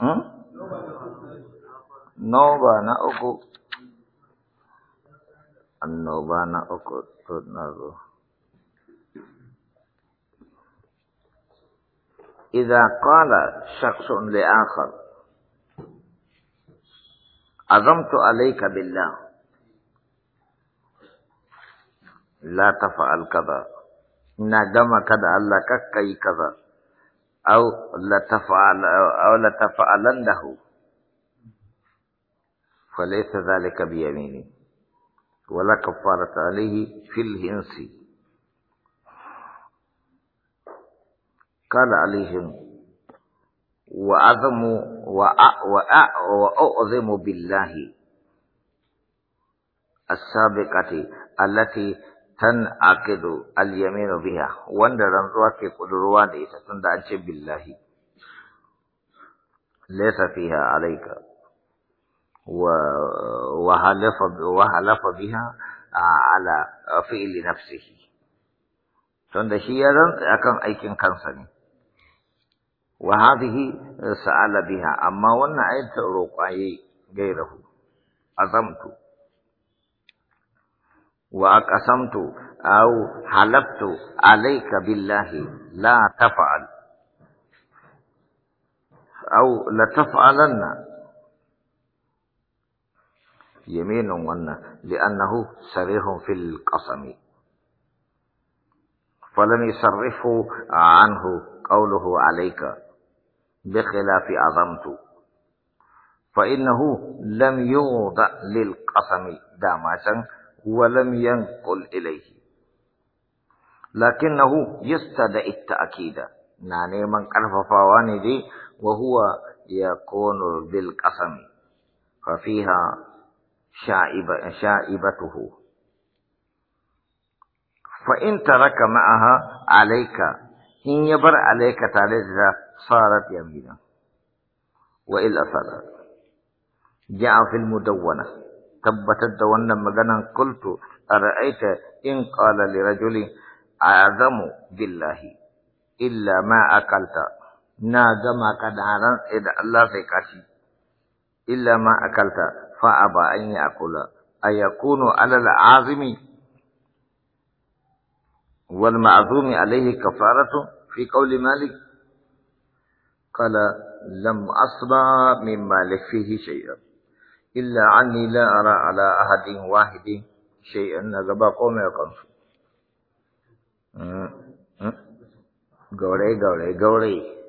Hmm? Noba na uku. Annoba na na إذا قال شخص لآخر عظمت عليك بالله لا تفعل كذا ندم كذا الله كي كذا أو لتفعل أو لتفعلنه فليس ذلك بيميني ولا كفارة عليه في الهنس قال عليهم وأعظم وأعظم بالله السابقة التي Tan al-yaminu biha wanda rantsuwa ke kudurwa da ita tunda an ce billahi laysa fiha alayka wa wa halafa wa halafa biha ala fi'li nafsihi tunda shi ya rantsa akan aikin kansa ne wa hadhihi eh, sa'ala biha amma wannan ayatu roƙaye gairahu azamtu وأقسمت أو حلفت عليك بالله لا تفعل أو لتفعلن يمين ون لأنه سريح في القسم فلم يصرفه عنه قوله عليك بخلاف عظمت فإنه لم يوضع للقسم دامة ولم ينقل إليه لكنه يستدعي التأكيد يعني من قرف فواني دي وهو يكون بالقسم ففيها شائبة شائبته فإن ترك معها عليك إن يبر عليك تالذة صارت يمينا وإلا صارت جاء في المدونة tabbatar da wannan maganan kultu ara'aita in qala li rajulin azamu billahi illa ma akalta na gama kadaran da Allah sai kashi illa ma akalta fa aba an yakula ayakunu ala al'azimi wal ma'zumi alayhi kafaratu fi qawli malik قال لم أصنع من مالك فيه شيئا illa anni la ara ala ahadin wahidin shay'an na gaba ko kansu. Gaurai, gaurai, gaurai.